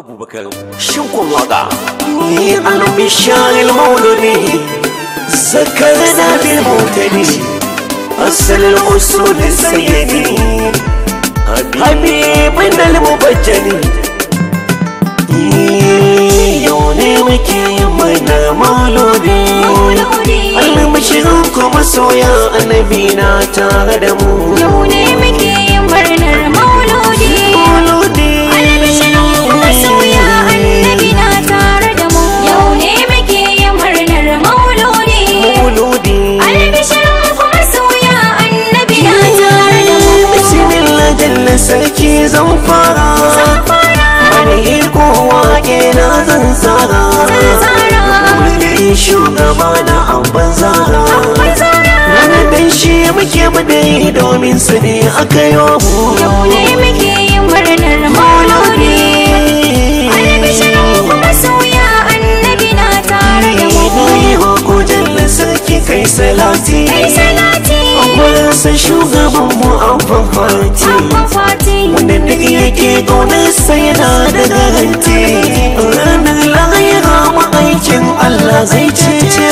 abubakar shinkon waka ni annabi shahil mauludi zakarna bil mutadi asal al usul sayyidi habibin al mubajjali yau ne muke mana mauludi almashirin kuma soya annabi na tare da mu yau ne muke ce zan fara Bani ikowa ke na zan tsara Mulkin shugaba da abban zara Wani dan shi muke yi domin su ne aka yi mu Yau ne muke yin murnar mauludi Kai salati, kai salati, a kwanan san shugabanmu a fati. wanda duk yake gona sai na da garanti ranar lahira ma'aikin Allah zai cece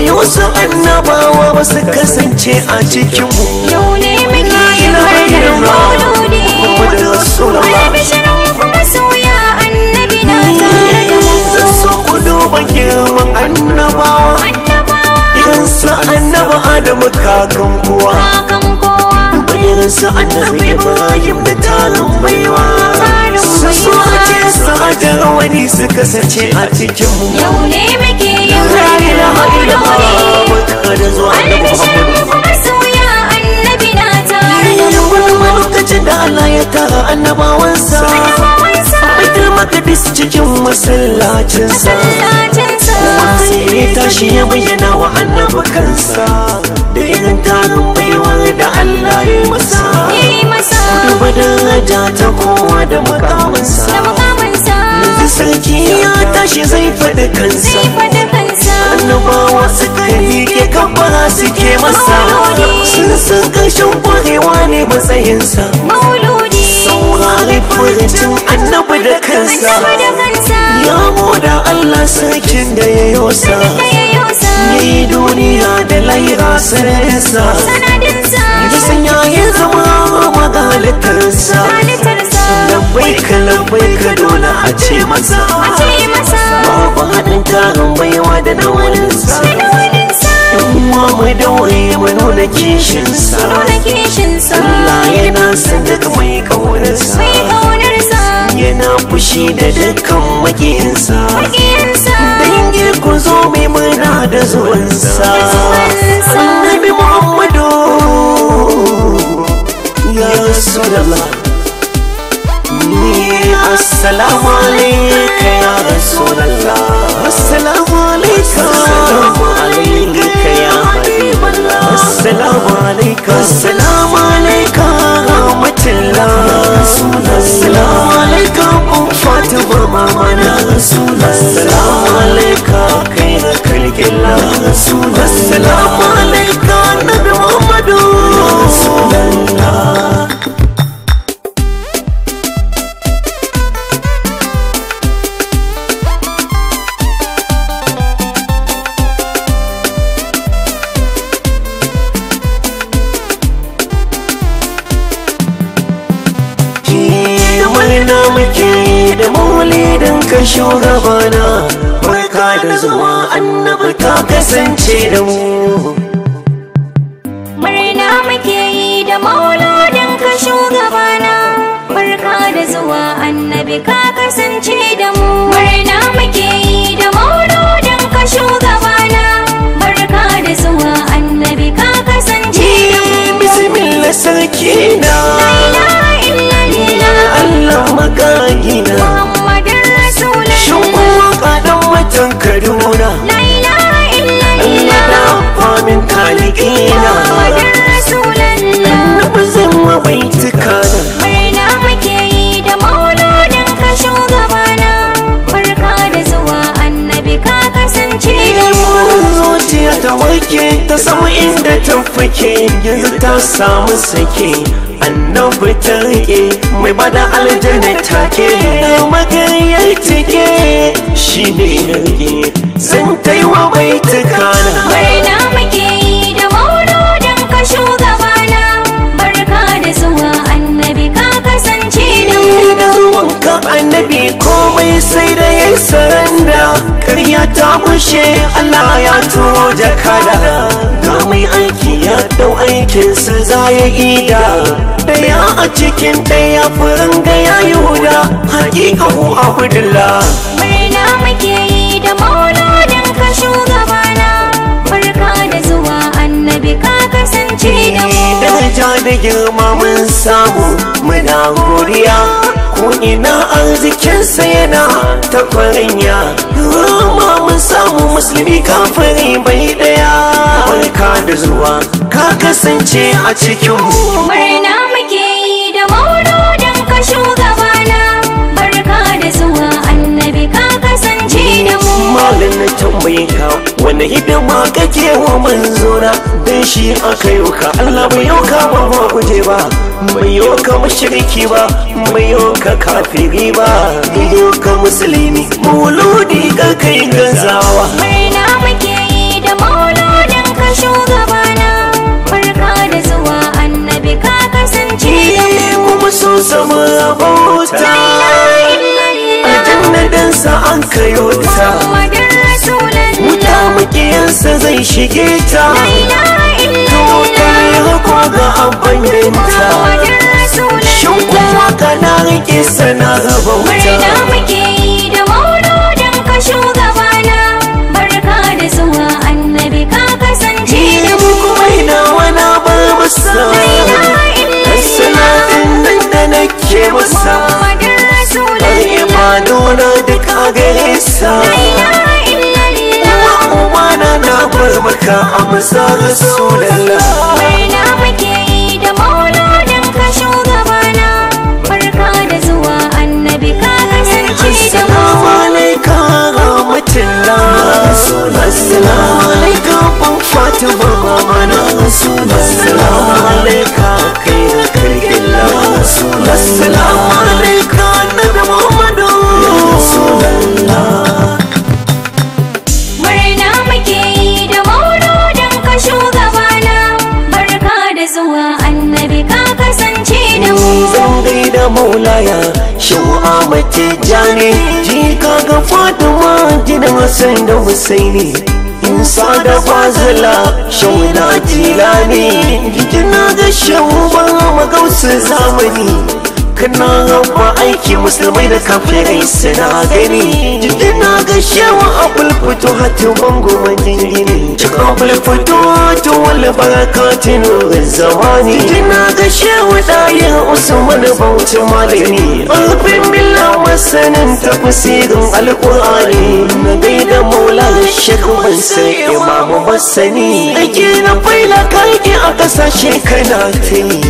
wasu annabawa ba su kasance a cikin mu yau ne kuma soya annabi na da mu so ku duba girman adamu kakan kowa irin su annabi ibrahim da talin baiwa hajar wani suka sace a cikin mu yau ne muke yau la ilaha illallah zuwa annabi muhammad lokacin da Allah ya cikin masallacinsa sai tashi ya bayyana wa annabi kansa da irin tarin baiwa da Allah ya masa duba daraja ta kowa da makamansa sarki ya tashi zai fada kansa annabawa suka miƙe gabara suke masa sun san ƙarshen ƙwarewa ne matsayinsa saurari furucin annabi da kansa ya moda allah sarkin da ya yosa ya yi duniya da laira sanarinsa ya san ya zama magalitarsa labai kalabai ka dole a ce masa babu haɗin tarin baiwa da na waninsa Yawwa mai dawaye mu nuna kishinsa Allah yana san daga mai ƙaunarsa Yana fushi da dukkan makiyinsa Dangin ku zo mai da zuwansa Annabi Muhammadu Ya Rasulallah Assalamu alaika ya Rasulallah Assalamu alaika Assalamu alaika ya Habiballah Assalamu alaika Assalamu alaika rahmatullah Assalamu alaika Fatima mamana Assalamu da maulidin ka shugabana barka da zuwa annabi ka kasance da mu murna muke yi da maulidin ka shugabana barka da zuwa annabi ka kasance da mu murna muke yi da maulidin ka shugabana barka da zuwa annabi ka kasance da mu bismillah sarki na madina shin kuma kaɗan watan kaduna tumfuke yanzu ta samu sake annabi ta rike mai bada aljanna ke na magaryar take shi ne na rike zan taiwa mai tukana annabi komai sai da ya saranda Karya ta bushe Allah ya turo da kada Ga mai aiki ya dau aikinsa za ya ida Daya a cikin daya furin ga ya yi huda Hakika hu abdullah Murna muke yi da mauludin ka shugabana Barka da zuwa annabi ka kasance da mu Daraja da girma mun samu muna godiya ko ina arzikinsa yana ta kwarinya ma mun samu musulmi kafiri bai ɗaya. barka da zuwa ka kasance a cikin mu murna muke yi da maulodin ka malam na tambaye ka wani hidima kake wa manzona dan shi aka yi ka Allah bai yau ka ba ma guje ba bai yau ka mashiriki ba bai yau ka kafiri ba bai yau ka musulmi mauludi ka kai gazawa murna muke yi da mauludin ka shugabana barka da zuwa annabi ka kasance kuma so sama bauta an kayo ta wuta makiyansa zai shige ta kawo ta yi hako ga abin ta shin kuma na rike sana'a bauta. ka amsa rasulallah maraya a mace jani ji kaga fatima gidan hassan da husaini sa da fazila shehu na tilani na ga shehu ba magausu zamani abokanan ba aiki musulmai da kafirai suna gani na ga shewa abul fito hatu bango majingini cikin abul fito ta wala barakatun zamani na ga shewa ɗayan usman bauta malami alfin sanin tafsirin alkur'ani nabi da maula da shekhu ban sai imamu masani ake na faila kalki a kasashe kana ta yi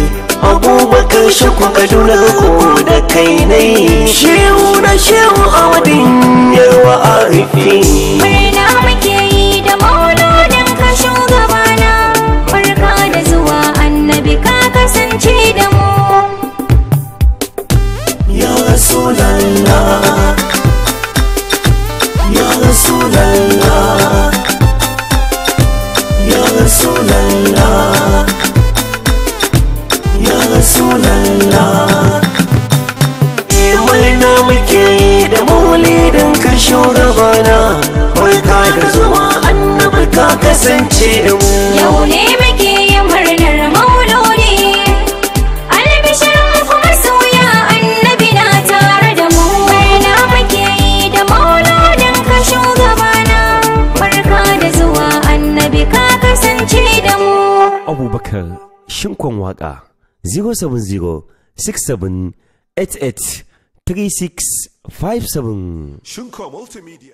abubakar shakku kaduna ko da kai na yi shehu na shehu a wadin arifi shinkon waka 070 6788 3657 Shinko Multimedia